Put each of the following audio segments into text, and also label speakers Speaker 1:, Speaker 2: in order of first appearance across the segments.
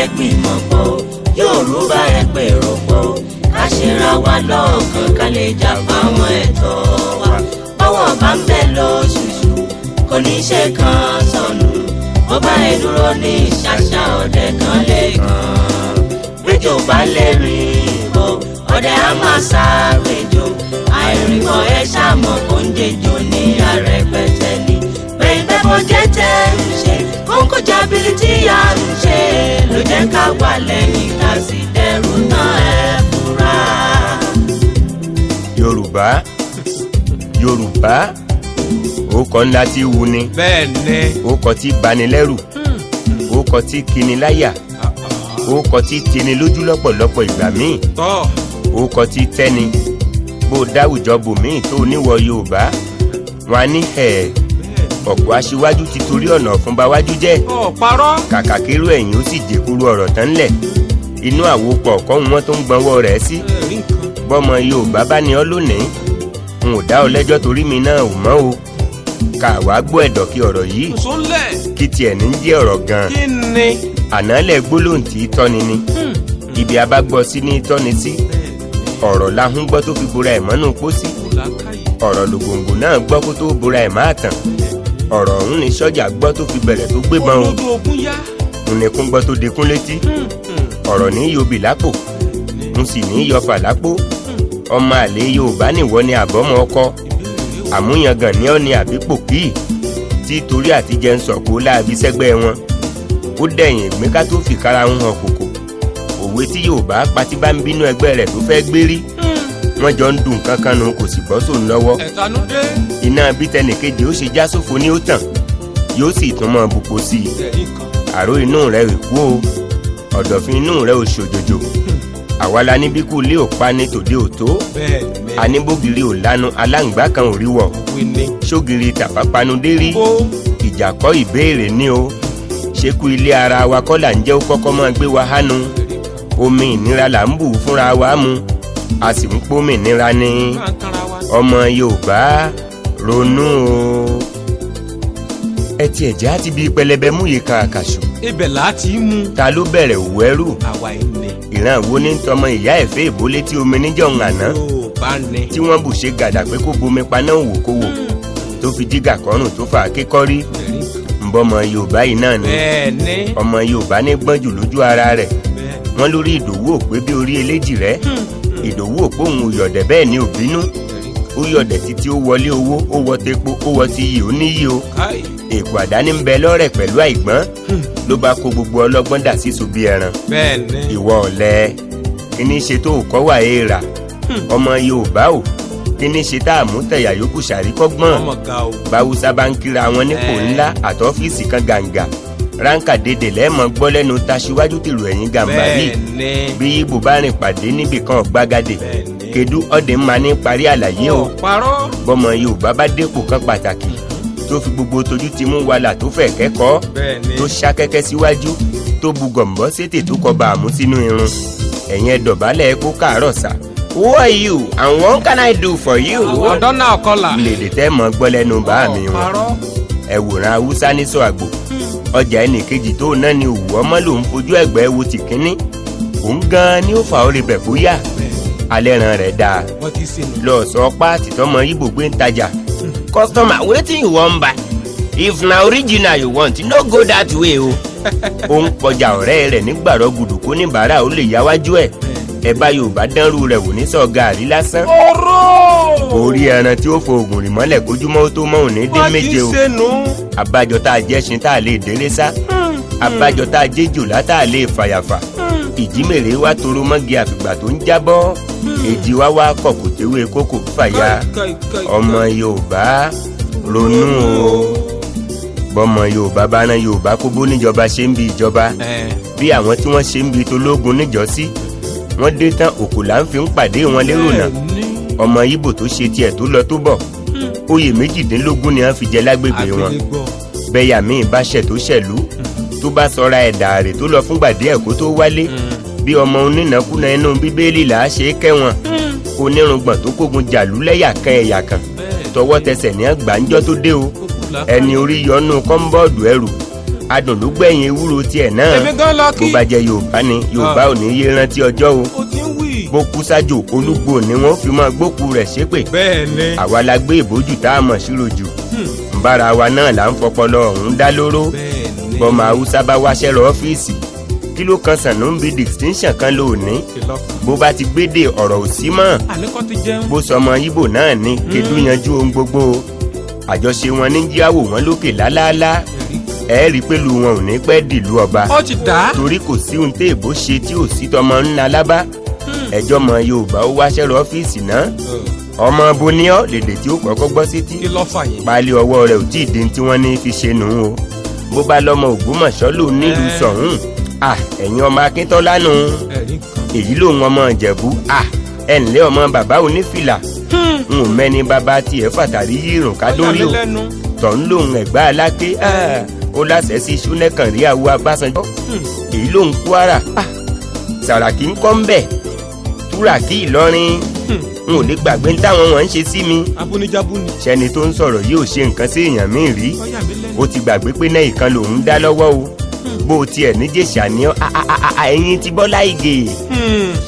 Speaker 1: ẹ gbìmọ̀ pọ̀ Yorùbá ẹ pèrò pọ̀ ká ṣera wa lọ́kàn ká lè jà fáwọn ẹ̀tọ́ wa báwọ̀ bá ń bẹ̀ lóṣooṣù kò ní ṣe kan sọnù ọba ẹ dúró ní ṣàṣà ọdẹ kan lè kàn rédíò bá lè rìn bọ ọdẹ á máa sáré jò àìrìnkọ ẹ ṣàmọ oúnjẹ
Speaker 2: jò ní arẹpẹtẹ ni bẹ́ẹ̀ bẹ́ẹ̀ jẹ́ tẹ́ ń ṣe jàbìlì tí àrùn ṣe ló jẹ́ ká wà lẹ́yìn ká sì dẹrù náà ẹ fura.
Speaker 1: yorùbá yorùbá orúkọ ńlá tí wù ni orúkọ tí banilẹ́rù hmm. orúkọ tí kini uh-uh. orúkọ tí tini lójú lọ́pọ̀lọpọ̀ ìgbà míì orúkọ tí tẹ́ni bó dáwùjọ bòmíì tó níwọ̀ yorùbá wọn á ní ẹ̀ẹ́ ọ̀pọ̀ aṣíwájú ti torí ọ̀nà ọ̀fúnbawájú jẹ́. ọ̀ parọ́. kàkà kérò ẹ̀yìn ó sì jẹ́kúrú ọ̀rọ̀ tán ńlẹ̀ inú àwòpọ̀ kọ́hún wọn tó ń gbọ́nwọ́ rẹ̀ sí. bọ́mọ Yorùbá bá ní ọ lónìí n ò dá ọ lẹ́jọ́ torí mi náà ò mọ́ o kà wá gbọ́ ẹ̀dọ̀ kí ọ̀rọ̀ yìí kí tiẹ̀ ní jẹ́ ọ̀rọ̀ gan-an ànálẹ̀ gbólóǹtì tọ́ni ni hmm. ibi abágbọ́ sí ní tọ́ni sí ọ̀rọ̀ lahùn gbọ́ tó fi bora ẹ̀ mọ́nú pósí ọ̀rọ̀ lògòǹgò náà gbọ́ kó tó bora ẹ̀ máa tàn ọ̀rọ̀ ọ̀hún ni sọ́jà gbọ́ tó fi bẹ̀rẹ̀ tó gbé bọ́n òun ònìkún gbọ́ tó dekún létí hmm, hmm. ọ̀rọ̀ ní yóbi lápò mo sì ní yọfà lápò hmm. ọmọ àlè Yorùbá nìwọ ni àbọ̀mọ ọkọ àmúyangàn ní ọ̀ni àbípò kíì tí torí àtijẹ́ ń sọ̀kò láabi sẹ́gbẹ́ wọn ó dẹ̀yìn ìgbín ká tó fìkara ń hàn kòkò òwe tí Yorùbá patí bá ń bínú ẹgbẹ́ rẹ̀ tó fẹ́ gbérí wọ́n jọ ń dùn kankan nu kò sì bọ́ sóun lọ́wọ́ iná bítẹnìkejì ó ṣe já sófo ní ó tàn yóò sì tún mọ bùkó sí i àrò inú rẹ ò kú o ọ̀dọ̀fin inú rẹ ò ṣòjòjò àwa la níbí kú lé òpá ní tòde òtó aníbògiri ò lanu aláǹgbá kan ò rí wọ̀ ṣógiri tàpápanu dé rí ìjà ìbéèrè ní o ṣekú ilé ara wa kọ́ là ń jẹ́ ó kọ́kọ́ máa gbé wa hánu omi ìnira là ń bù fúnra wa mu a sì ń pómìnira ní ọmọ Yorùbá ronú o ẹ tiẹ̀ já ti bi pẹlẹbẹ mú yìí ka àkàṣù. ibẹ̀ là á ti mú. ta ló bẹ̀rẹ̀ òwẹ́rù. àwa ilẹ̀. ìran wo ní tọmọ ìyá ẹ̀ fẹ́ ìbólé tí omi níjọ́ ń àná. yóò bá ní. tí wọ́n bù ṣe gàdà pé kó bomi paná wò kó wò. Hmm. tó fi dígà kọrùn tó fà á ké kọ́rí. nbọmọ Yorùbá yìí náà ni. ọmọ Yorùbá ní gbọ́njù lójú ara rẹ̀. wọ́n lórí Ìdòwú òpé bí orí eléjì rẹ̀. Hmm ìdòwú òpóhùn uyọ̀dẹ̀ bẹ́ẹ̀ ni òbínú uyọ̀dẹ̀ títí ó wọlé owó ó wọ tepo ó wọ ti yìí ó níyì o èkó àdáni ń bẹ lọ́rẹ̀ pẹ̀lú àìgbọ́n hmm. ló bá kó gbogbo ọlọ́gbọ́n dà sísun bí ẹran ìwọ ọ̀lẹ kíní ṣe tó kọ́ wà éèrà hmm. ọmọ Yorùbá o kíní ṣe tá a mú tẹ̀yà yòókù ṣàríkọ́gbọ́n báwùsá bá ń kíra wọn nípò ńlá àtọ́fíìsì kan gàǹgà ránkà dédè lẹ́ẹ̀mọ́ gbọ́ lẹ́nu taṣíwájú tìlù ẹ̀yìn gàmbá yìí bí ibùbárìn pàdé níbìkan gbàgàdé kedu ọ̀dẹ̀ ń ma ní parí àlàyé o bọ́mọ Yorùbá bá dépò kan pàtàkì tó fi gbogbo tójú ti mú wàhálà tó fẹ̀ kẹ́kọ̀ọ́ tó ṣakẹ́kẹ́ síwájú tó bu gọ̀m̀bọ́ sétè tó kọba àmú sínú irun ẹ̀yìn ẹ̀dọ̀bálẹ̀ kó káàárọ̀ sá who are you and what can I do for you. ọ̀dọ́ náà kọ́la. lèdè tẹ́ mọ́ gbọ́ bá mi wọn. ẹ̀wòrán haúsá ní sọ àgbò ọjà ẹnìkejì tó náà ni òwú ọmọ lòún fojú ẹ̀gbẹ́ wo ti kínní òun gan ni ó fà ó rebẹ̀ kó alẹ́ ran rẹ̀ dáa lọ sọ páàtì tọmọ ibo gbé ń tajà customer wetin you wan buy if na original you want no go that way o. ó ń kọjá ọ̀rẹ́ rẹ̀ nígbàrọ̀ gùdù kó níbàárà ó lè yáwájú ẹ̀ ẹ̀ bá yorùbá dánrú rẹ̀ wò ní sọ gàárì lásán.
Speaker 2: ọ̀rọ̀
Speaker 1: orí ẹran tí ó fo oògùn rì mọ́lẹ̀ kójúmọ́ ó tó mọ́ òní dín méje o àbájọ tá a jẹ́ sin tá a lè délé sá hmm. àbájọ tá a jẹ́ jòlá tá lè fàyàfà hmm. ìjímèrè wa toro mọ́gi àfìgbà tó ń jábọ́ hmm. èjì wa wá kọ̀ kókò fàyà ọmọ Yorùbá ronú o bọ́mọ Yorùbá bá Yorùbá kó bó níjọba ṣe ń bi ìjọba bí àwọn tí wọ́n ṣe ń bi tológun níjọ́sí wọ́n dé tán òkò là ń fi ń pàdé wọn lérò náà ọmọ ibo tó ṣe tiẹ̀ tó lọ tó bọ̀ hmm. oyè méjìdínlógún ni wọ́n fi jẹ lágbègbè wọn bẹ́yà míì bá ṣẹ̀ tó ṣẹ̀lú hmm. tó bá sọra ẹ̀dà rẹ̀ tó lọ fúngbà díẹ̀ kó tó wálé hmm. bí ọmọ onínàkúnà inú bíbélì là á ṣe é kẹ́wọ̀n onírùngbọ̀n tó kógun jàlú lẹ́yà ẹ̀yà kan tọwọ́ tẹsẹ̀ ní àgbáńjọ́ tó dé o ẹni orí yọnu kọ́ńbọ́ọ̀dù ẹrù adùn ewúro tiẹ̀ náà bó bá jẹ yorùbá ni yorùbá ò ní yé rántí ọjọ́ o bó kú sájò olúgbò ni wọ́n fi máa gbókù rẹ̀ ṣépè. bẹ́ẹ̀ni. àwa la gbé ìbòjú tá a mọ̀ síro jù. Hmm. bára wa náà là ń fọpọlọ ọ̀hún dá lóró. bẹ́ẹ̀ni. bọ́mọ haúsá bá wáṣẹ́ lọ ọ́fíìsì kí ló kan sànúbi distinction kan ló ní. bó bá ti gbédè ọ̀rọ̀ ò mọ́. bó sọmọ ibo náà ni kedu hmm. yanjú ohun gbogbo. àjọṣe wọn ní jíáwó wọn lókè lálálá ẹ rí i pé lu wọn ò ní pẹ́ dìlú ọba. torí kò sí ohun tí èbó ṣe tí ò sí tọmọ ńlá lábá ẹjọ́ mọ yorùbá ó wáṣẹ́ lọ ọ́fíìsì náà ọmọ boniọ lèdè tí ó kọ́kọ́ gbọ́ sí tí pálí ọwọ́ rẹ̀ ò tí ì dín tí wọ́n ní fi ṣe nù ú o bó bá lọ́mọ ògbómọ̀ṣọ́ lòun nílùú sọ̀hún ẹ̀yin ọmọ akíntọ́lá nù èyí lòun ọmọ ìjẹ̀bú ẹ̀ ǹlẹ́ ọmọ bàbá onífìlà hmm. n ò mẹ́ni bàbá tiẹ̀ fàtàrí yírùn kádórí o tọ̀ ń lòun ẹ̀gbá aláké ó láṣẹ sí ṣúnẹ́kànrí àwọ abásanjọ́ hmm. èyí lòun kwara sàràkí ń kọ́ ń wúrà kí ìlọrin hmm. n ò lè gbàgbé táwọn wọn ń ṣe sí mi. abúnijábúni. sẹ́ni tó ń sọ̀rọ̀ yìí ò ṣe nǹkan sí èèyàn mi rí ó ti gbàgbé pé náà ìkan lòún dá lọ́wọ́ o hmm. bó tiẹ̀ níjẹ̀ṣà ni ẹ̀yìn ti Bọ́lá Ìgè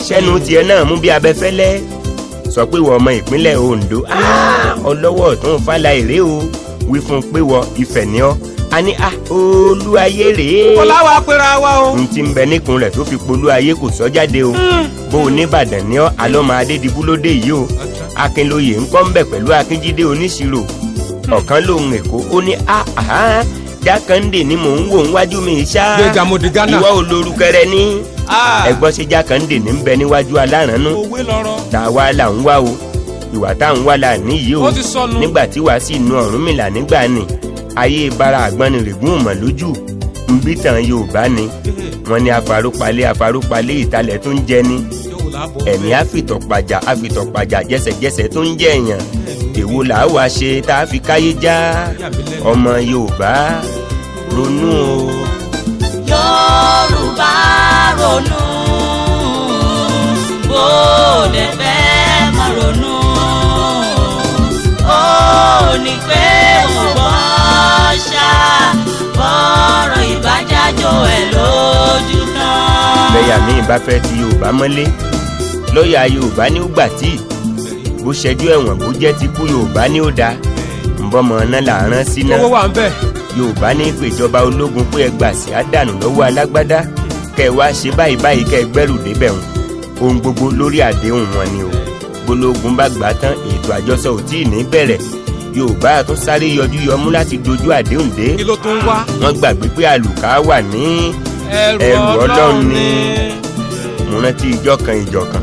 Speaker 1: sẹ́nu hmm. tiẹ̀ náà mú bí abẹ́fẹ́lẹ́ sọ pé wọ́n ọmọ ìpínlẹ̀ Ondo ọlọ́wọ́ ọ̀tún fàlà èrè o wí fún pé wọ́n Ifẹ̀ ni ọ́ a ní a ah, olúwayé rèé. kọ́lá wa pera wa o. n ti bẹ níkun rẹ̀ tó fi polúwayé kò sọ jáde o. Hmm. bó o ní ìbàdàn ní alọ́mọ adédìbúlódé yìí o. akínlóye ń kọ́ ń bẹ̀ pẹ̀lú akínjídé oníṣirò. Hmm. ọ̀kan lòun èkó ó ní a ah, àhán jákàndé ni mò ń wò níwájú mi ṣá. gbẹ̀gà mo di ghana. ìwọ olórúkẹrẹ ní. Ah. ẹgbọ́n sí jákàndé ní bẹ níwájú alárànú. òwe lọ̀rọ̀. tàwa là ń wá o ìwà tá à ń wá la níyìí o. ó ti sọnù. nígbà tí wàá sì nu ọ̀rúnmìlà nígbà ni ayé bara àgbọnnìrègún ọmọ lójú nbí tàn yorùbá ni wọn ní afarúpalẹ afarúpalẹ ìtalẹ tó ń jẹ ni ẹ̀mí àfìtọ̀pàjà àfìtọ̀pàjà jẹsẹ̀jẹsẹ̀ tó ń jẹ èèyàn èwo là á wá ṣe tá a fi káyé já ọmọ yorùbá ronú o. yorùbá ronú bó
Speaker 2: lè fẹ́ máa ronú ó ní pẹ́ bọ́rọ̀ ìbájájọ́
Speaker 1: ẹ̀ lójú náà. lẹ́yà mi bá fẹ́ ti yorùbá mọ́lé lọ́ọ̀yà yorùbá ní gbà tí bó ṣẹjú ẹ̀wọ̀n bó jẹ́ ti kú yorùbá ní ó da nbọ́mọ náà là ń rán sí náà. owó wà ń bẹ̀. yorùbá ní ìpèjọba ológun pé ẹgbà sí àdànù lọ́wọ́ alágbádá kẹ wá ṣe báyìí báyìí kẹ gbẹ́rù débẹ̀ wọn ohun gbogbo lórí àdéhùn wọn ni o gbólógun bá gbà tán ètò àjọsọ ò tí bẹ̀rẹ̀ yorùbá tún sáré yọjú yọmú láti dojú àdéhùn dé. kí ló tún wá. wọ́n gbàgbé pé àlùkà wà ní ẹrù ọlọ́run ni mo rántí ìjọ kan ìjọ kan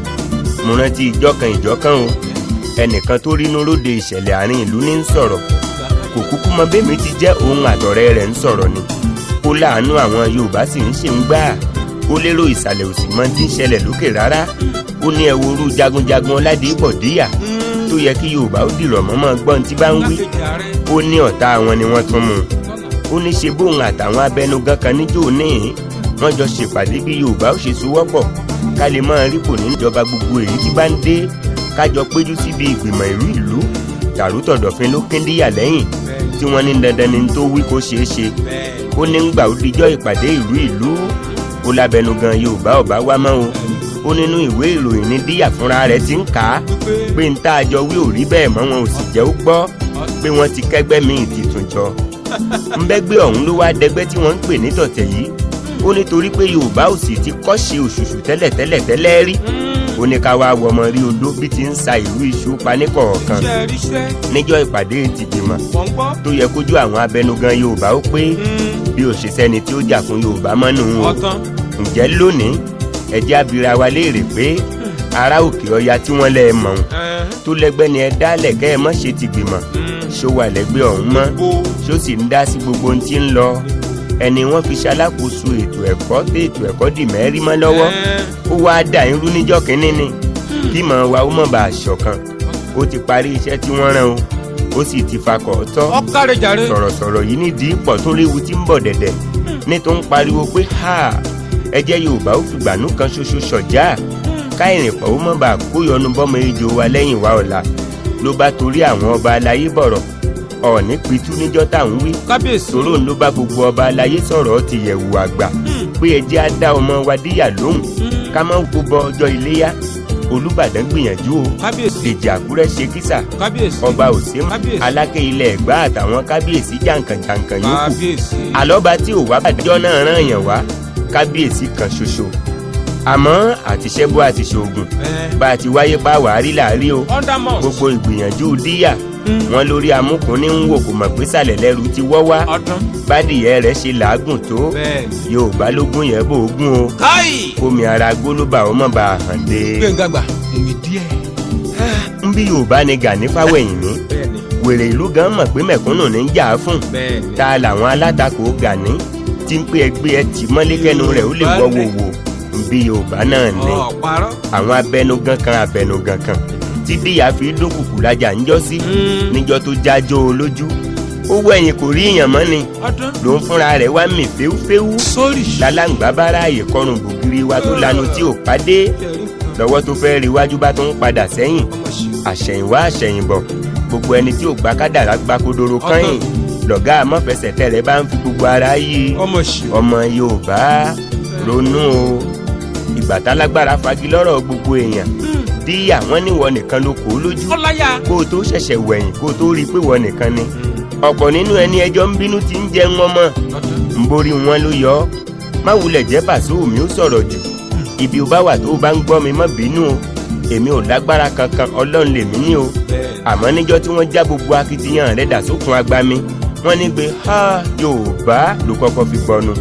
Speaker 1: mo rántí ìjọ kan ìjọ kan o ẹnìkan tó rínú lóde ìṣẹ̀lẹ̀ àárín ìlú ní ń sọ̀rọ̀ kò kúkú mọ bẹ́ẹ̀ mi ti jẹ́ òun àtọ̀rẹ́ rẹ̀ ń sọ̀rọ̀ ni ó láàánú àwọn yorùbá sì ń ṣe ń gbà ó lérò ìsàlẹ̀ òsì mọ́ ti ń ṣẹlẹ̀ lókè rárá ó ní ẹ wo orú jagunjagun ọládé bọ̀díyà. Mm tó yẹ kí yorùbá ó dìlọ̀ mọ́ máa gbọ́n tí bá ń wí ó ní ọ̀tá wọn ni wọ́n tún mú ó ní ṣe bóun àtàwọn abẹnugan kan níjó níhìn wọ́n jọ ṣèpàdé bí yorùbá ó ṣe sowọ́pọ̀ ká lè máa rí kò ní ìjọba gbogbo èyí tí bá ń dé kájọ péjú síbi ìgbìmọ̀ ìlú ìlú tàrútọ̀ dọ̀fin ló kéndíyà lẹ́yìn tí wọ́n ní dandan ni tó wí kó ṣeé ṣe ó ní ń gbà ó dijọ́ ìpàdé ó nínú ìwé ìròyìn ní díyà fúnra rẹ̀ ti ń kà á pé n tá a jọ wí ò rí bẹ́ẹ̀ mọ́ wọn ò sì jẹ́ ó gbọ́ pé wọ́n ti kẹ́gbẹ́ mi ti tún jọ nbẹ́gbẹ́ ọ̀hún ló wá dẹgbẹ́ tí wọ́n ń pè ní tọ̀tẹ̀ yìí ó nítorí pé yorùbá ò sì ti kọ́ṣe òṣùṣù tẹ́lẹ̀tẹ́lẹ̀ tẹ́lẹ̀ rí ó ní ká wáá wọmọ rí odó bí ti ń sa ìlú iṣu paníkọ̀ọ̀kan níjọ́ ìpàdé ìtìgbìmọ̀ tó yẹ kójú àwọn abẹnugan yorùbá ó pé hmm. bí òṣìṣẹ́ni tí ó jà fún yorùbá mọ́nú o ǹjẹ́ lónìí ẹ̀jẹ̀ abira wa léèrè pé hmm. ará òkè ọya tí wọ́n lẹ́ ẹ mọ̀ ọ́n tó lẹ́gbẹ́ ni ẹ dálẹ̀ kẹ́ ẹ mọ̀ ṣe ti gbìmọ̀ hmm. ṣó wà lẹ́gbẹ́ ọ̀hún mọ́ ṣó sì ń dá sí gbogbo ohun tí ń lọ ẹni wọ́n fi ṣalákòóso ètò ẹ̀kọ́ tó ètò ẹ̀kọ́ dì mẹ́rí mọ́ lọ́wọ́ ó wáá dà irú níjọ́ kínní ni hmm. kí mọ̀ wa ó mọ̀ bá a ṣọ̀kan ó ti parí iṣẹ́ tí wọ́n rán o ó sì ti fakọ̀ ọ̀tọ̀ sọ̀rọ̀sọ̀rọ̀ yìí nídìí pọ̀ tó léwu tí ń bọ̀ dẹ̀dẹ̀ ní tó ń pariwo pé háà ẹjẹ́ yorùbá ó fìgbànú kan ṣoṣo ṣọ̀já káìrìn pọ̀ ó mọ̀ bá kóyọnu bọ́mọ ejò wa lẹ́yìn wa ọ̀la ló bá torí àwọn ọba aláyé bọ̀rọ̀ ọ̀ọ́nì pitú níjọ́ táwọn wí kábíyèsí òró ló bá gbogbo ọba aláyé sọ̀rọ̀ ti yẹ̀wò àgbà hmm. pé ẹjẹ́ á dá ọmọ wa díyà lóhùn hmm. ká má kó bọ ọjọ́ iléyá olùbàdàn gbìyànjú o dèjì àkúrẹ́ ṣe kísà ọba òsèm aláké ilẹ̀ ẹ̀gbá àtàwọn kábíyèsí jàǹkànjàǹkàn yòókù àlọ́ba tí ò wá bàdíjọ́ náà rán yàn wá kábíyèsí kan ṣoṣo àmọ́ àtiṣẹ́ bó àti ṣoògùn bá a ti wáyé bá wàá rí o gbogbo ìgbìyànjú díyà hmm. wọn lórí amúkùnrin ń wò kò mọ̀ pé sàlẹ̀ lẹ́rù ti wọ́ wá bádìyẹ rẹ̀ ṣe làágùn tó yorùbá ló gún yẹn bó gún o kómi ara gbólóbà ọmọ bá a hàn dé. gbẹ̀ngàgbà bí yorùbá ni gani fáwẹ̀yìn mi wèrè ìlú gan mọ̀ pé mẹ̀kúnnù ní í jà fún ta làwọn alátakò gani tí ń pé ẹgbẹ́ ẹ tì mọ́lé kẹnu rẹ̀ ó lè wọ́ wòwò bí yorùbá náà ní àwọn abẹnugan kan abẹnugan kan tí bíyà fi dúnkùkù lajà ńjọ́ sí hmm. níjọ́ tó jájó olójú ó wọ kò rí èèyàn mọ́ ni ló ń fúnra rẹ̀ wá mì fẹ́wúfẹ́wú lálàǹgbá àyè kọrùn bògiri wa tó hmm. lanu tí ò pàdé lọ́wọ́ tó fẹ́ rí iwájú bá tó ń padà sẹ́yìn àṣẹ̀yìnwá àṣẹ̀yìnbọ̀ gbogbo ẹni tí ò gbà kádàrá gba kodoro kányìn lọ̀gá àmọ́fẹsẹ̀tẹ̀ rẹ̀ bá ń fi gbogbo ara yí ọmọ Yorùbá ronú o ìgbà tálágbára fagilọ́rọ̀ gbogbo èèyàn hmm. díyà wọ́n ní nìkan ló kó lójú kó o tó ṣẹ̀ṣẹ̀ wẹ̀yìn kó o tó rí i pé wọn nìkan ni hmm. ọ̀pọ̀ nínú ẹni ẹjọ́ ń bínú ti ń jẹ wọn mọ́ ń borí wọn ló yọ ọ́ má wulẹ̀ jẹ́ pàṣẹ omi ó sọ̀rọ̀ jù hmm. ibi ó bá wà tó bá ń gbọ́ mi má bínú o èmi ò lágbára kankan ọlọ́run lèmi ní o àmọ́ níjọ́ tí wọ́n já gbogbo akitiyan rẹ̀ dà sókun agbami wọ́n ní pé ha yorùbá ló kọ́kọ́ fi gbọ́nu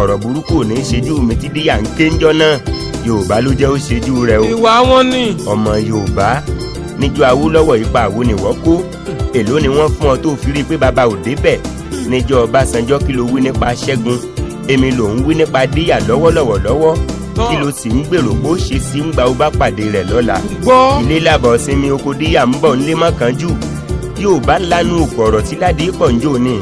Speaker 1: ọ̀rọ̀ burúkú ò ní í ṣejú mi ti díyà ń ké ńjọ́ náà yorùbá ló jẹ́ ó ṣejú rẹ o. ìwà wọn ni. ọmọ yorùbá níjọ́ awúlọ́wọ̀ ipa àwo ni wọ́n kó èló ni wọ́n fún ọ tó fi rí i pé bàbá ò débẹ̀ níjọ́ ọbásanjọ́ kí ló wí nípa ṣẹ́gun èmi ló ń wí nípa díyà lọ́wọ́lọ́wọ́ lọ́wọ́ kí ló sì ń gbèrò bó ṣe sí ń gba ó pàdé rẹ̀ lọ́la. gbọ́ ilé làbọ̀ sinmi oko ń bọ̀ ńlẹ́ tí ò bá lanu òkò ọ̀rọ̀ tí ládé pọ̀ ń jò ní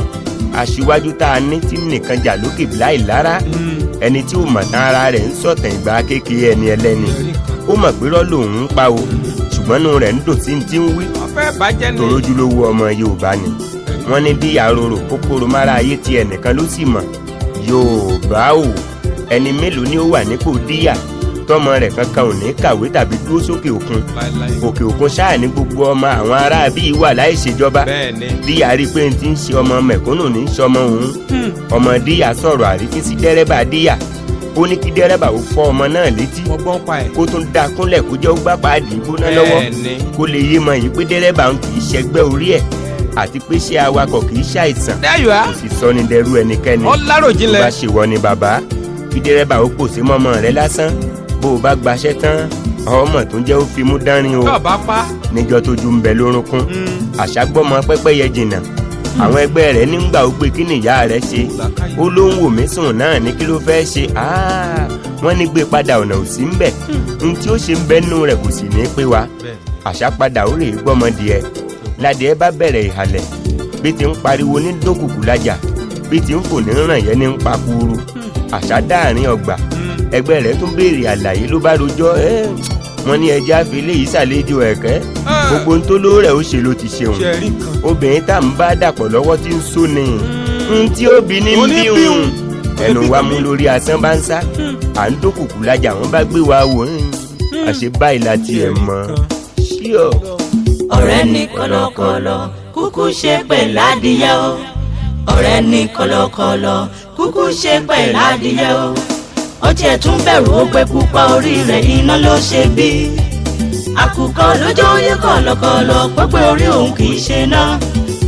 Speaker 1: aṣíwájú tá a ní tí nìkan jà lókè láì lára hmm. ẹni tí ò mọ̀ tán ara rẹ̀ ń sọ̀tàn ìgbà kékeré ẹni ẹlẹ́ni ó mọ̀ pé rọ́ lòun ń pa o ṣùgbọ́n nu rẹ̀ ń dùn tí ń tí ń wí torójúlówó ọmọ Yorùbá ni wọ́n ní bí àròrò kòkòrò mára ayé ti ẹnìkan ló sì mọ̀ Yorùbá o ẹni mélòó ni ó wà nípò díyà tọmọ rẹ̀ kankan ò ní kàwé tàbí dúró sókè òkun òkè òkun ṣáà ní gbogbo ọmọ àwọn aráabí wà láì ṣèjọba bí àrí pé n ti ń ṣe ọmọ mẹ̀kúnnù ní ṣọmọ òun hmm. ọmọ díyà sọ̀rọ̀ àrífín sí dẹ́rẹ́bà díyà ó ní kí dẹ́rẹ́bà ó fọ́ ọmọ náà létí kó tún da kúnlẹ̀ kó jẹ́ ó gbá paádì gbóná lọ́wọ́ kó lè yé mọ yìí pé dẹ́rẹ́bà ń kì í ṣẹgbẹ́ orí ẹ̀ àti pé ṣé awakọ̀ kì í ṣàìsàn kò sì sọ dẹrú ẹnikẹ́ni ó láròjinlẹ̀ bá ṣèwọ ni bàbá kí dẹ́rẹ́bà ó pòsè mọ́mọ́ rẹ lásán bó o bá gbaṣẹ́ tán ọmọ tó jẹ́ ó fi mú dánrin o níjọ́ tójú ń bẹ lórúnkún hmm. àṣàgbọ́mọ pẹ́pẹ́yẹ jìnnà hmm. àwọn ẹgbẹ́ rẹ̀ nígbà ó gbé kí nìyá rẹ̀ ṣe ó ló ń wò mí sùn náà ní kí ló fẹ́ ṣe wọ́n ní gbé padà ọ̀nà ò sí ń bẹ̀ hmm. n tí ó ṣe ń bẹ́nu rẹ̀ kò sì ní pé wa àṣàpadà ó rèé gbọ́mọdé ẹ̀ ládìẹ bá bẹ̀rẹ̀ ìhàlẹ̀ bí ti ń pariwo ní dókùkù lájà bí ti ń fò ní ràn yẹn ní ń pa kúrú àṣà dáàrin ọgbà ẹgbẹ́ rẹ̀ tún béèrè àlàyé ló bá rojọ́ ẹ́ wọ́n ní ẹjẹ́ àfẹlẹ́ yìí ṣàlejò ẹ̀kẹ́ ah. gbogbo ń tó ló ó ṣe ló ti ṣeun obìnrin tá à ń bá dàpọ̀ lọ́wọ́ ti ń sún ni hmm. n tí ó bí ní ẹnu wa mú lórí asán bá ń sá hmm. à ń dókùkù lajà wọn bá gbé wa wò ń hmm. àṣẹ báyìí la tiẹ̀ mọ́ ọ̀rẹ́ ní kọ̀lọ̀kọ̀lọ̀ kúkú ṣe pẹ̀lú adìyẹ o ọ̀rẹ́ ní kọ̀lọ̀kọ̀lọ̀ kúkú ṣe pẹ̀lú adìyẹ o ó tiẹ̀ tún bẹ̀rù ó pé pupa orí rẹ̀ iná ló ṣe bí àkùkọ lójó yé kọ̀lọ̀kọ̀lọ̀ pẹ́pẹ́ orí òun kì í ṣe ná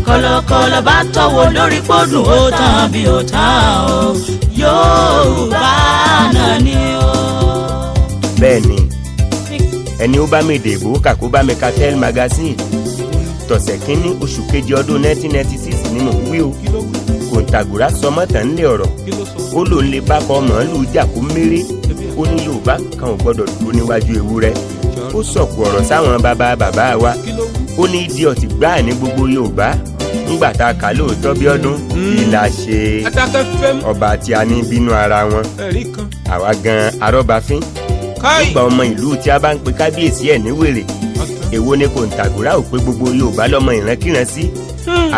Speaker 1: kọ̀lọ̀kọ̀lọ̀ bá tọ̀wọ̀ lórí pọ́dùn ó tàn bí ó tàn ó Yorùbá náà ni ó. bẹ́ẹ̀ ẹni ó bá mi dèbò kàkó bá mi ka tell magazine tọ̀sẹ̀ kínní oṣù kejì ọdún 1996 ni mò ń kòńtàgùrà sọmọ́tàn ńlẹ̀ ọ̀rọ̀ ó lòun lè bá kọ màálù jàkú méré ó ní yorùbá kan ò gbọdọ̀ dúró níwájú ewúrẹ́ ó sọ̀kù ọ̀rọ̀ sáwọn bàbá bàbá wa ó ní di ọ̀tí gbáà ní gbogbo yorùbá nígbà tá a kà lóòótọ́ bí ọdún hmm. kí la ṣe ọba tí a ní bínú ara wọn àwa gan arọ́bàfín nígbà ọmọ ìlú tí a bá ń pe kábíyèsí ẹ̀ ní wèrè èwo ni kò ń tàgùrà ò pé gbogbo yorùbá lọmọ ìránkìrán sí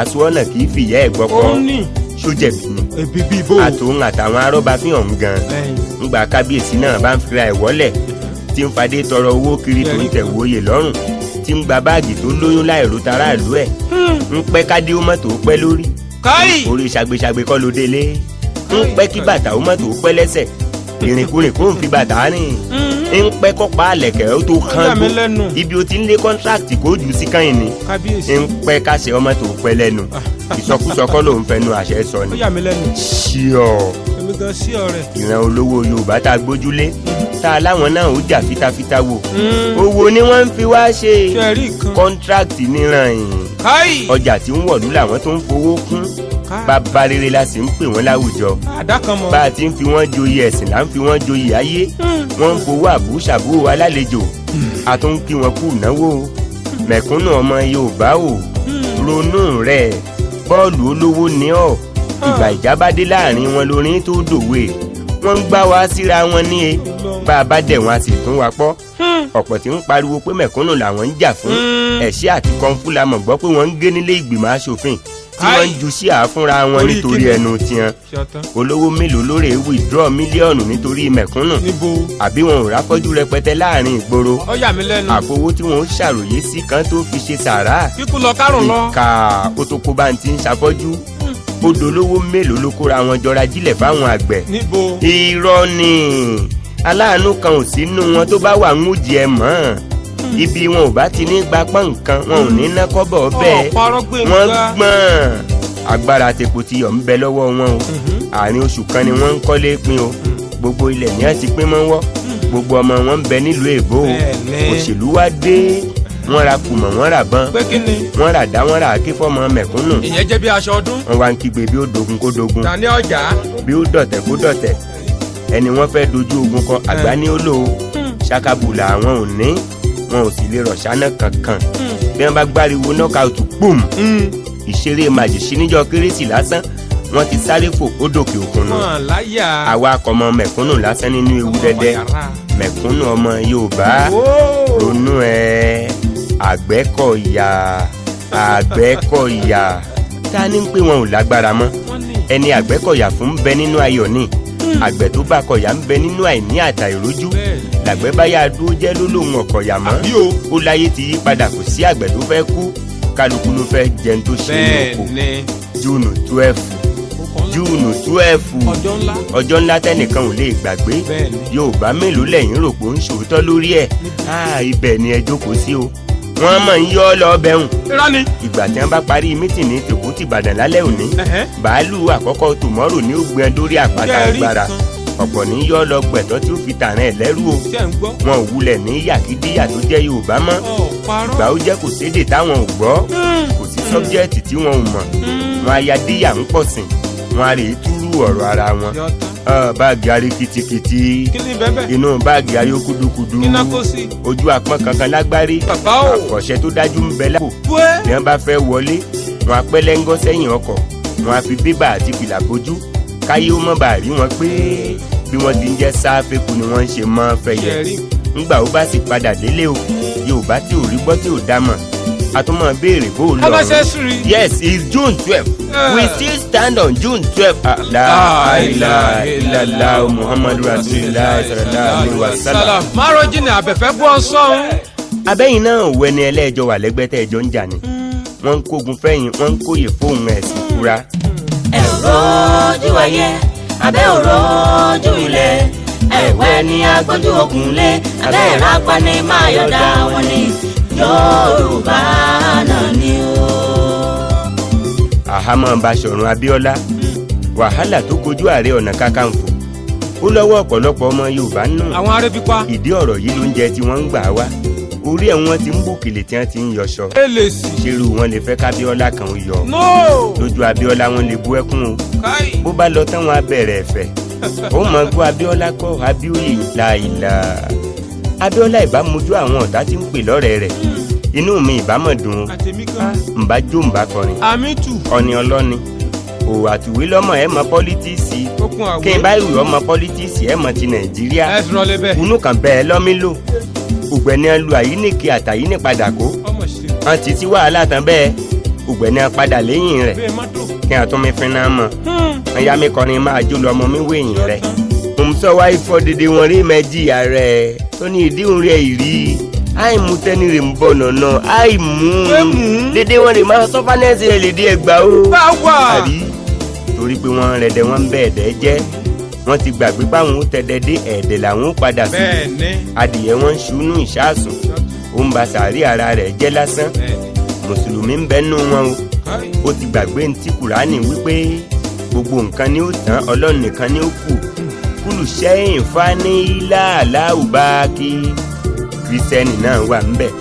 Speaker 1: àsùnwọ̀nà hmm. kì í fìyà ẹ̀ gbọ́kọ́ sójẹ̀kùn àtòun àtàwọn arọ́bàfin ọ̀hún gan ńgbà kábíyèsí náà bá ń fira ẹ̀ wọ́lẹ̀ tí ń fadé tọrọ owó kiri tó ń tẹ̀wé oyè lọ́rùn tí ń gba báàgì tó lóyún láìró tara ìlú ẹ̀ hmm. ń pẹ́ kádé ó mọ́tò pẹ́ lórí orí ṣàgbéṣàgbé kọ́ ló délé ń pẹ́ kí bàtà ó mọ́tò pẹ́ lẹ́sẹ̀ ìrìnkúrìn kó n fi bàtà rìn mhm. ń pẹ́ kọ́pa àlẹ̀kẹ́ ó tó kán tó ibi o ti ń lé kọ́ńtrákì kó jù sí kan ìní ń pẹ́ káṣẹ ọmọ tó pẹ́ lẹ́nu ah. ìsọkúsọ ló ń fẹnu àṣẹ sọ ni ṣíọ ìran olówó yorùbá tá a gbójúlé mhm. tá a láwọn náà ó jà fitafita wò mhm. owó ni wọ́n fi wá ṣe kọ́ńtrákì níran yìí ọjà tí ń wọ̀lú làwọn tó ń fowó kún. Ah. bàbá rere la sì ń pè wọ́n láwùjọ. àdàkànmọ́. bá a ti ń fi wọ́n joyè ẹ̀sìn là ń fi wọ́n joyè ayé. Hmm. wọ́n ń fowó àbúṣàbúrò alálejò. Hmm. a tún ń kí wọn kú náwó. Hmm. mẹ̀kúnnù ọmọ yorùbá o. ronú rẹ̀ bọ́ọ̀lù olówó ní ọ̀. ìgbà ìjábádé láàrin wọn lórin tó dòwe. wọ́n ń gbá wa síra wọn ní e. bá a bá dẹ̀ wọn a sì tún wa pọ̀. ọ̀pọ̀ tí ń pariwo pé mẹ̀kúnnù làwọn ń jà fún. ẹ̀ṣẹ́ àti kọ́ńfù la mọ̀ gbọ́ pé wọ́n ń gé nílé ìgbìmọ̀ asòfin tí wọ́n ń ju sí àfúnra wọn nítorí ẹnu tiwọn olówó mélòó lóore withdraw mílíọ̀nù nítorí mẹ̀kúnnù àbí wọn ò ráfọ́jú rẹpẹtẹ láàrin ìgboro àfowó tí wọn ó ṣàròyé sí kan tó fi ṣe sàrà ìka otokoba ti ń ṣàfọ́jú hmm. odò olówó mélòó ló kóra wọn jọra jílẹ̀ fáwọn àgbẹ̀ irọ́ ni aláàánú kan ò sínú wọn tó bá wà ń wújì ẹ̀ mọ́ ibi wọn ò bá ti ní gbapá nǹkan wọn ò ní ná kọ́bọ̀ bẹ́ẹ̀ wọ́n gbọ́n agbára àtẹ̀kù ti yọ̀ ń bẹ lọ́wọ́ wọn o mm-hmm. àárín oṣù kan ni wọ́n ń kọ́lé pin o mm-hmm. gbogbo ilẹ̀ ni a ti pín mọ́ wọ́ mm-hmm. gbogbo ọmọ wọn ń bẹ nílùú èbó o òṣèlú wa dé wọ́n ra kùmọ̀ wọ́n ra bán wọ́n ra dá wọ́n ra àké fọ́mọ mẹ̀kúnnù. ìyẹn jẹ́ bí aṣọ ọdún. wọ́n wá ń kígbe bí ó dogun kó dogun. ta ọjà. bí ó dọ̀tẹ̀ kó dọ̀tẹ̀ ẹni wọ́n fẹ́ dojú ogun kọ àgbá ní ó lò hmm. àwọn ò ní wọn ò sì lè rọ̀ ṣáná kankan bí wọ́n bá gbáriwo knockout boom hmm. ìṣeré màjèṣí níjọ́ kérésì lásán wọ́n ti sáré fò ó dòkè òkun nù àwa akọmọ mẹ̀kúnnù lásán nínú ewu dẹ́dẹ́ mẹ̀kúnnù ọmọ Yorùbá ronú ẹ Àgbẹ̀kọ̀yà Àgbẹ̀kọ̀yà ta ni ń pè wọn ò lágbára mọ́ ẹni Àgbẹ̀kọ̀yà fún bẹ nínú ayọ̀ ni hmm. àgbẹ̀ tó bá kọ̀yà ń bẹ nínú àìní àtàìrójú làgbẹ̀ báyà dúró jẹ́ ló lòun ọ̀kọ̀ yà mọ́ ó láyé ti yí padà kò sí àgbẹ̀ tó fẹ́ kú kálukú ló fẹ́ jẹun tó ṣe é lóko júùnù túwẹ́fù júùnù túwẹ́fù ọjọ́ ńlá tẹ́nìkan ò lè gbàgbé yorùbá mélòó lẹ́yìn rò pé ó ń ṣòótọ́ lórí ẹ̀ ah, ibẹ̀ ni ẹ jókòó sí o wọ́n máa ń yọ́ lọ bẹ̀rùn ìgbà tí wọ́n bá parí mítìn ní tòkútì ìbàdàn lálẹ́ òní bàálù àkọ́kọ́ tòmọ́rò ní ó gbẹ́ dórí àpáta agbára ọ̀pọ̀ ní yọ́ lọ gbẹ̀tọ́ tí ó fi tààrà ẹ̀ lẹ́rú o wọn ò wulẹ̀ ní yàgídíyà tó jẹ́ Yorùbá mọ́ ìgbà ó jẹ́ kò sédè táwọn ò gbọ́ hmm. kò sí sọ́bjẹ́ẹ̀tì tí wọn ò mọ̀ hmm. wọn ayadíyà ń pọ̀ sìn wọn a rè túrú ọ̀rọ̀ ara wọn báàgì arí kitikiti inú báàgì arí okudukudu ojú àpọn kankan lágbárí àkọ̀ṣẹ́ tó dájú ń bẹ lápò bí bá fẹ́ wọlé wọn apẹ́lẹ́ńgọ́ sẹ́yìn ọkọ̀ wọn a fi bébà àti fìlà bojú káyé ó mọ̀ bá rí wọn pé bí wọ́n ti ń jẹ́ sáfẹ́kù ni wọ́n ṣe mọ́ fẹyẹ ńgbà ó bá sì padà délé o yorùbá tí ò rí gbọ́ tí ò dá mọ̀ a béèrè bó o lọ rún yes it's june twelve uh. we still stand on june twelve. aláìlá ah, ilàlá muhammadu rasulillah sallallahu alayhi wa sallam. márùn jìnnà àbẹ̀fẹ́ bú ọ sọ́hún. abẹ́yìn náà wẹni ẹlẹ́jọ́ wà lẹ́gbẹ́tẹ́ ẹjọ́ ń jà ni hmm. wọ́n ń kógun fẹ́yìn wọ́n ń kóyè fóun ẹ̀sìn fúra. Mm òrójú ẹyẹ abẹ́ òrójú ilẹ̀ ẹ̀wẹ́ ni agbójú ogun lé abẹ́ ìrápá ni máa yọ̀dá wọn ni Yorùbá náà ni o. àhámọ́ Basọ̀run Abíọ́lá wàhálà tó kojú Ààrẹ Ọ̀nà Kakanfò ó lọ́wọ́ ọ̀pọ̀lọpọ̀ ọmọ Yorùbá nù. àwọn arẹ́bípa. ìdí ọ̀rọ̀ yìí ló ń jẹ tí wọ́n ń gbà wá. orí ẹ̀ wọ́n ti ń bòkèlè tí wọ́n ti ń yọṣọ. ṣerú wọn lè fẹ́ kábíọ́lá kan ó yọ. lójú abíọ́lá wọn lè bú ẹkún o. bó bá lọ tán wọn á ó mọ gbọ́ abíọ́lá kọ́ abíọ́lá ìlàìlà. abíọ́lá ìbámojú àwọn ọ̀tá ti ń pè lọ́rẹ̀ẹ́ rẹ̀ hmm. inú mi ìbámọ̀ dùn ó. ǹbá jó ǹbá kọrin. ọ̀nì ọlọ́ni o àtùwé lọ́mọ ẹ̀ kí n bá ìwé ọmọ pọ́lítíìsì ẹ̀ mọ ti nàìjíríà kùnú kan bẹ́ẹ̀ lọ́mí lò ògbẹ́ni lu àyíníkì àtàyíní padà kó wọn ti ti wàhálà tán bẹ́ẹ̀ ògbẹ́ni padà lẹ́yìn rẹ̀ kí wọn tún mi fi náà mọ̀ hmm. wọn yá mi kọrin máa jó lọ ọmọ mi wéyìn rẹ̀ òmùsọ̀ wá ifọ̀ dèdè wọn rí mẹ́jì ààrẹ tó ní ìdíhùn rẹ̀ ìrí àìmú tẹ́ni rè ń bọ̀ nànà àìmú dédé wọn rè máa sọ́fánẹ́sì rẹ̀ lédè ẹgbàá o àbí torí pé wọ́n rẹ̀ dẹ̀ wọ́n ń bẹ̀ẹ̀dẹ̀ jẹ́ wọ́n ti gbàgbé páwọn ó tẹ̀dẹ̀ dé ẹ̀ẹ̀dẹ̀ làwọn ó padà sí adìyẹ wọn ń ṣunú ìṣáàsùn ó ń ba sàárì ara rẹ̀ jẹ́ lásán mùsùlùmí ń bẹ́nu wọn o ó ti gbàgbé ntí kùránì wípé gbogbo nǹkan ni ó tán ọlọ́run nìkan ni ó kù kúlù sẹ́yìn fani láàláùbáàkì kìrìsẹ́nì náà wà ń bẹ̀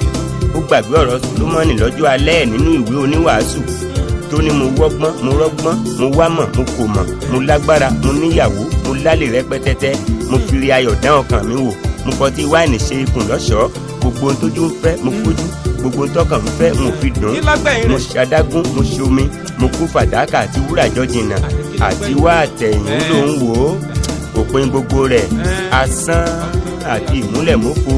Speaker 1: ó gbàgbé ọ̀rọ̀ solomoni lọ́jọ́ alẹ́ nínú ìwé oníwàásù tó ní mo wọ́gbọ́n mo rọ́gbọ́n mo wámọ̀ mo kò mọ̀ mo lágbára mo níyàwó mo lálè rẹpẹtẹtẹ mo fìrí ayọ̀ dán ọkàn mi wò mo kọ tí wáìnì ṣe ikùn lọ́ṣọ̀ọ́ gbogbo ohun tójú mo fojú gbogbo ohun tọkàn mo fi dùn mo ṣàdágún mo ṣomi mo kú fàdákà àti wúrà jọjìnà àti wá àtẹ̀yìn ló ń wò ó òpin gbogbo rẹ̀ asán àti ìmúlẹ̀mófo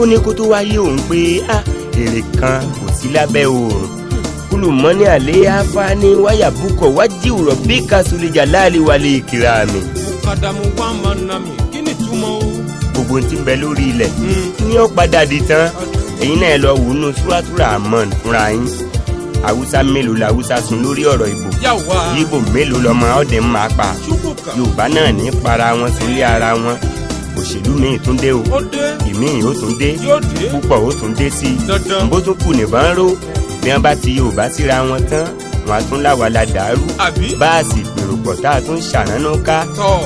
Speaker 1: ó ní kó tó wáyé òun pé a ah, èrè kan kò sí lábẹ́ oòrùn kulumani ale afa waya bukọ wajiwurọ bí kasulija láàlì wàlẹ̀ ìkìlá mi. Kadamu wà má na mi, kí ni túmọ̀ o. gbogbo tí ń bẹ lórí ilẹ̀ ní ó padà di tán ẹ̀yin náà lọ wò nù túrátúrà àmọ́ fúnra yín haúsá mélòó la haúsá sun lórí ọ̀rọ̀ ìbò yíbò mélòó lọmọ ọ̀dẹ̀ ń máa pa yorùbá náà ní para wọn sórí ara wọn òṣèlú míì tún dé o ìmí yìí ó tún dé púpọ̀ ó tún dé sí i bó tún kù nìbọn ró bí wọ́n bá ti yorùbá síra wọn tán àwa tún láwa la dàrú bá a sì gbèrò pọ̀ tá a tún ṣàránú ká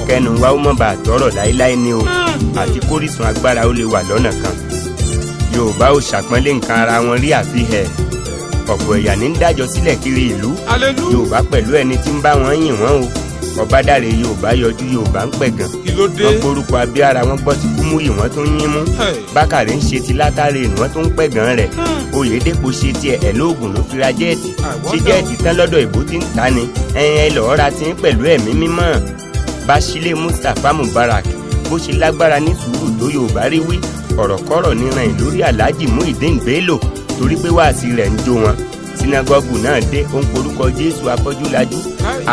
Speaker 1: kẹnu wa ó mọ̀ bá a tọrọ láéláé ni o hmm. àti kórìsùn agbára ó lè wà lọ́nà kan yorùbá ò ṣàpọ́nlé nǹkan ara wọn rí àfihàn ọ̀pọ̀ ẹ̀yà ní ń dájọ́ sílẹ̀ kiri ìlú yorùbá pẹ̀lú ẹni tí ń bá wọn yìn wọ́n o ọ̀bádàrẹ yorùbá yọjú yorùbá ń pẹ̀gàn wọ́n gborúkọ abíára wọn gbọ́ ti kúmúyì wọ́n tún yín mú bákàrẹ́ ń ṣe ti látàrí ìnú tún ń pẹ̀gàn rẹ̀ hmm. oyèdèpọ̀ ṣe tiẹ̀ ẹ̀ ló fira jẹ́ẹ̀tì ṣe jẹ́ẹ̀tì tán lọ́dọ̀ ìbò ti ń ta ni ẹ̀yìn ẹ̀ ti ń pẹ̀lú ẹ̀mí mímọ́ Bashile Mustapha Mubarak bó ṣe lágbára ní sùúrù tó yorùbá rí wí ọ̀rọ̀kọ́rọ̀ níran ìlórí Alhaji Muhyiddin Bello torí pé wáàsí rẹ̀ ń jó wọn sinagogu náà dé ó ń porúkọ jésù afọ́júlajú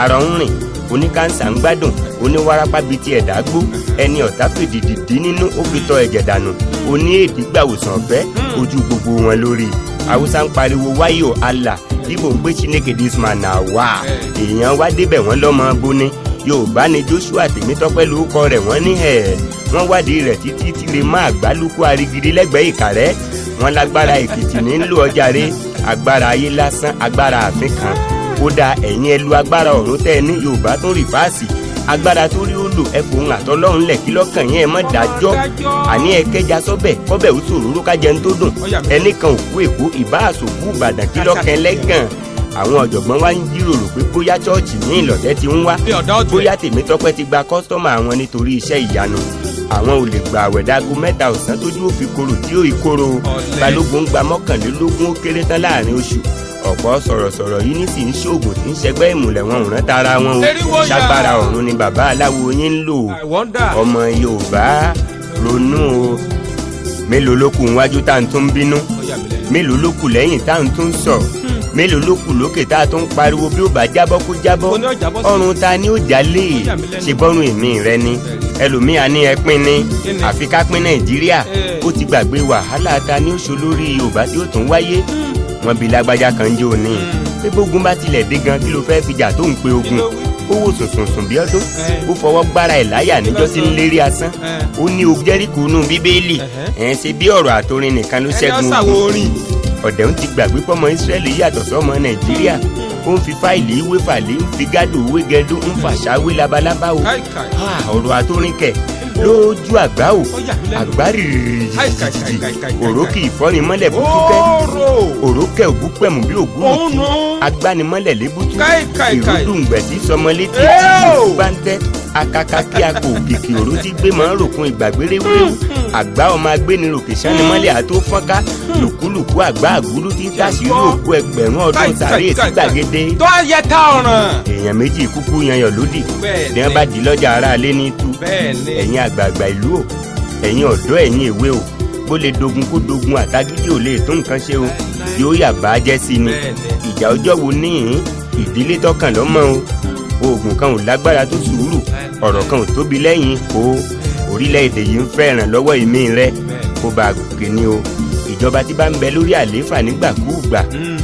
Speaker 1: àrọ̀ ń rìn oníkànsá ń gbádùn oníwárápá bíi ti ẹ̀dá gbó ẹni ọ̀tá fìdìdì dín nínú ó fi tọ ẹ̀jẹ̀ dànù oní èdè gbàwòsàn ọ̀fẹ́ ojú gbogbo wọn lórí haúsá ń pariwo wáyò Allah ibo ń gbé chineke disma na wá èèyàn wá débẹ̀ wọ́n lọ́mọ bóni yorùbá ni joshua tèmítọ́pẹ́ lórúkọ rẹ̀ wọ́n ní ẹ̀ wọ́n wádìí rẹ̀ títí tí lè má àgbálùkù arigidi lẹ́gbẹ̀ẹ́ ìkàrẹ́ wọ́n lágbára èkìtì ní ń lò ọjà rẹ̀ agbára ayé lásán agbára àfin kan kódà ẹ̀yin ẹ lu agbára ọ̀run tẹ́ ẹ ní yorùbá tó rìfáàsì agbára tó rí ó lò ẹ kò ń àtọ́lọ́run lẹ̀ kí lọ́kàn yẹn mọ́ dájọ́ àní ẹ kẹja sọ́bẹ̀ kọ́bẹ̀ ó sòróró kájẹ ń tó dùn ẹnìkan òkú èkó ìbá àsòkú ìbàdàn kí lọ́kàn lẹ́gàn àwọn ọ̀jọ̀gbọ́n wa ń jíròrò pé bóyá chọ́ọ̀chì ní ìlọ̀tẹ́ ti ń wá bóyá tèmítọ́pẹ́ ti gba kọ́sítọ́mà àwọn nítorí iṣẹ́ ìyanu àwọn ò gba àwẹ̀ mẹ́ta ọ̀sán tójú ó fi korò tí ó ìkorò balógun gba mọ́kànlélógún ó kéré tán láàrin oṣù ọ̀pọ̀ sọ̀rọ̀sọ̀rọ̀ yìí nísì ń ṣoògùn tí ń ṣẹgbẹ́ ìmùlẹ̀ wọn ò rántá ara wọn o ṣàgbára ọ̀run ni bàbá aláwo yín ń lò ọmọ Yorùbá ronú o mélòó ló kù níwájú tá à ń tún bínú mélòó ló kù lẹ́yìn tá à ń tún sọ hmm. mélòó ló kù lókè tá a tún pariwo bí ó bá jábọ́ kó jábọ́ ọrùn ta ni ó jálè ṣe bọ́rùn èmi rẹ ni ẹlòmíà ní ẹ pín ní àfi ká pín nàìjíríà ó ti gbàgbé wàhálà ta ní oṣù lórí yorùbá tí ó tún wáyé hmm. wọn bí lágbájá kan jẹ́ òní hmm. pé bógun bá tilẹ̀ dé gan kí ló fẹ́ fi jà tó ń pe ogun ó wò sùnsùnsùn bí ọdún ó fọwọ́ gbára ẹ̀ láyà níjọ́ sí ń lérí asán ó ní o jẹ́ríkù bíbélì ẹ̀ ń ṣe bí ọ̀rọ̀ àtorin nìkan ló ṣẹ́gun ogun ń ti gbàgbé pọ́mọ ìsírẹ́lì yàtọ̀ sọ́mọ nàìjíríà hmm ń fi fáìlì ìwé fàlẹ́ ń fi gádùn ìwé gẹdú ń fàṣàwé labalábá o ọ̀rọ̀ àtórìnkẹ̀ lójú àgbá o àgbárìrì òrókì ìfọ́nimọ́lẹ̀ bútúkẹ́ òrókẹ́ òbúpẹ̀mù bí ògúrùtì agbanimọ́lẹ̀ lébútú ìrúdùngbẹ̀sí sọmọlétí tí ìlú bá ń tẹ́ akaka kí aago òru ti gbé mọ́ ròkun ìgbàgbére wéwu àgbá ọmọ agbéniròkè sanimọ́lẹ̀ àtó fọ́nká lùkúlùkú àgbá àgúrú ti tásí òkú ẹgbẹ̀rún ọdún tàrí ètí gbàgede. tó a yẹ ta ọ̀ràn. èèyàn méjì kúkú yanyan lódì ní wọn bá di lọ́jà ara alẹ́ ní tú ẹ̀yin àgbààgbà ìlú o ẹ̀yin ọ̀dọ́ ẹ̀yin èwe o bó lè dogun kó dogun àtagídí ò lè tó nǹkan ṣe o yóò yà bá jẹ́ sí ni ìjà ọjọ́ wo níhìn ìdílé tọkàn lọ́mọ o oògùn kan ò lágbára tó sù ọ̀rọ̀ kan ò tóbi lẹ́yìn o orílẹ̀-èdè yìí ń fẹ́ ìrànlọ́wọ́ ìmí rẹ kó bá a gòkè ni o ìjọba tí bá ń bẹ lórí àlééfà nígbàkúùgbà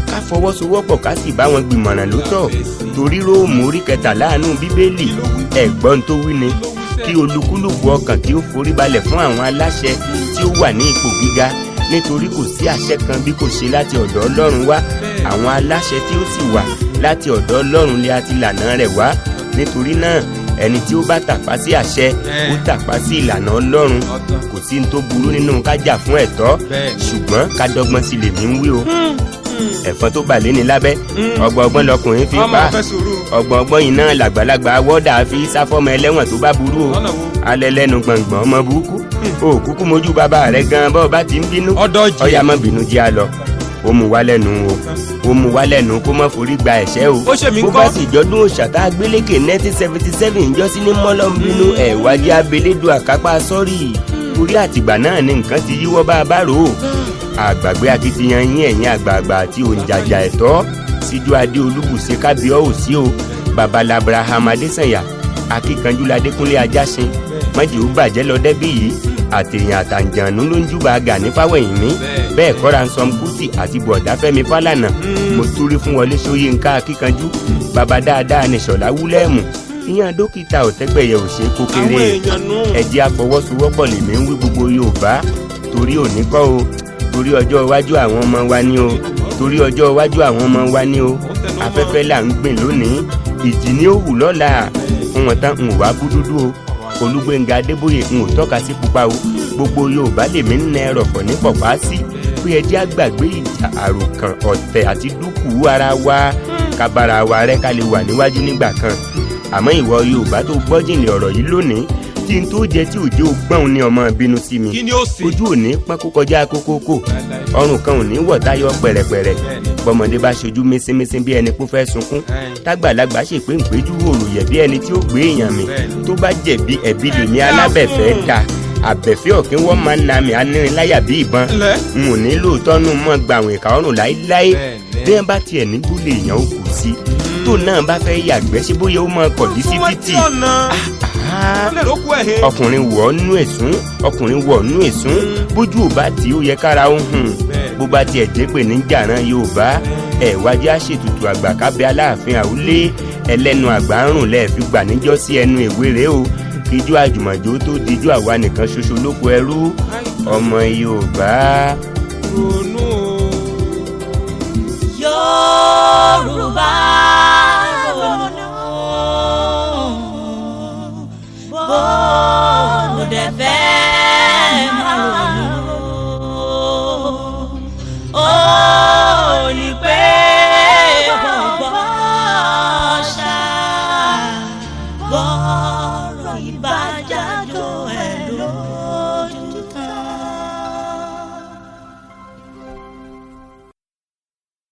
Speaker 1: ká fọwọ́sowọ́pọ̀ ká sì bá wọn gbìmọ̀ràn lótọ́ torí róòmù orí kẹtàlá àánú bíbélì ẹ̀gbọ́n tó wí ni kí olúkúlùkù ọkàn kí ó forí balẹ̀ fún àwọn aláṣẹ tí ó wà ní ipò gíga nítorí kò sí àṣẹ kan bí kò ṣe láti ọ̀dọ̀ ọlọ́run wá àwọn aláṣẹ tí ó sì wà láti ọ̀dọ̀ ọlọ́run lé àti ìlànà rẹ̀ wá nítorí náà ẹni tí ó bá tàpá sí àṣẹ ó tàpá sí ìlànà ọlọ́run kò sí ní tó burú nínú ká jà fún ẹ̀tọ́ ṣùgbọ́n ká dọ́gbọ́n sí lèmi ń wí o hmm, hmm. ẹ̀fọn tó bà léni lábẹ́ hmm. ọgbọ̀n ọgbọ́n lọkùnrin fi pa ọgbọ̀n ọgbọ́n yìí náà làgbàlagbà wọ́dà fi sáfọ́mọ ẹlẹ́wọ̀n tó bá burú o alẹ́ lẹ́nu gbọ̀ngbọ̀n ọmọ burúkú o kúkú mojú bàbá rẹ̀ gan bọ́ọ̀ bá ti ń bínú ọ̀yà bínú jẹ́ a ó mú wa lẹ́nu o kó mu wálẹ̀ nù kó má forí gba ẹ̀ṣẹ̀ o. ó ṣe mí kọ́ bó bá sì jọdún òṣàká agbélékè nineteen seventy seven jọ́sí ní mọ́lọ́mbínú hmm. ẹ̀wájú abelédu àkápá sọ́rí hmm. orí àtìgbà náà ni nǹkan ti yíwọ́ bá a bá rò ó hmm. àgbàgbé akitiyan yín ẹ̀yin àgbààgbà àti òǹjàjà ẹ̀tọ́ síjú adé olúbùsẹ kábíọ́ òsí o babalá abraham adésànyà akíkanjú ladékúnlé ajásin mọ́jì ó bàjẹ́ lọ dẹ́bí yìí àtẹ̀yìn àtàǹjànú ló ń júbà gà ní fáwẹ̀yìn mi bẹ́ẹ̀ kọ́ra ń sọm kú Timothy àti bọ̀dá Fẹ́mi Fálànà mo túrí fún Wọlé Ṣóyínká akíkanjú bàbá dáadáa ní Ṣọ̀lá Wúlẹ́ẹ̀mù ìyẹn dókítà Ọ̀tẹ́gbẹ̀yẹ ò ṣe kó kéré ẹ lèmi ń wí gbogbo Yorùbá torí òní kọ́ o torí ọjọ́ iwájú àwọn ọmọ wa ni o torí ọjọ́ iwájú àwọn ọmọ wa ni o afẹ́fẹ́ là ń gbìn lónìí ìjì ni ó lọ́la wọn tán ń wá bú o Olúgbénga Adébóyè ń tọ́ka sí pupa o gbogbo Yorùbá lèmi ń nà ẹ̀rọ̀fọ̀ ní pọ̀pá sí pé ẹjẹ́ àgbàgbé ìjà àròkàn ọ̀tẹ̀ àti dúkùú ara wa hmm. kábàrà wa rẹ́ ká lè wà níwájú nígbà kan àmọ́ ìwọ Yorùbá tó gbọ́ jìnlẹ̀ ọ̀rọ̀ yìí lónìí kí n tó jẹ tí òjò gbọ́n ní ọmọ bínú sí mi ojú òní pákó kọjá kókókó ọrùn kan òní wọ̀ táyọ̀ pẹ̀rẹ̀pẹ̀rẹ̀ bọ́mọdé bá ṣojú mísínmísín bí ẹni kún fẹ́ sunkún tágbàlagbà ṣe pé ń péjú òròyẹ̀ bí ẹni tí ó gbé èèyàn mi tó bá jẹ̀bi ẹ̀bi lèmi alábẹ̀fẹ́ da àbẹ̀fẹ́ òkín wọ́n máa na mi aníniláyà bí ìbọn n ò ní lóòótọ́ nù mọ́ gbàwìn ìka ọ̀run láéláé bí wọ́n bá tiẹ̀ ní gbólé èèyàn ó kù sí tó náà bá fẹ́ yàgbẹ́ sí bóyá ó máa kọ̀ dí sí títì ah, ọkùnrin wọ̀ ọ́nú ẹ̀sùn ọkùnrin wọ̀ ọ́nú ẹ̀sùn mm. bójú ò bá tí ó yẹ kára ó hùn bó bá tiẹ̀ dé pè ní jàrán Yorùbá ẹ̀ wájú àṣetutù àgbà Aláàfin àwúlé ẹlẹ́nu àgbà ń rùn lẹ́ẹ̀fi gbà níjọ́ sí ẹnu ìwéré o ìjọ àjùmọ̀jó tó dijọ́ àwa nìkan ṣoṣo lóko ẹrú ọmọ Yorùbá.